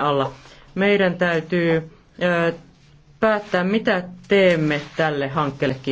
alla. Meidän täytyy päättää, mitä teemme tälle hankkeelle. Kiitos.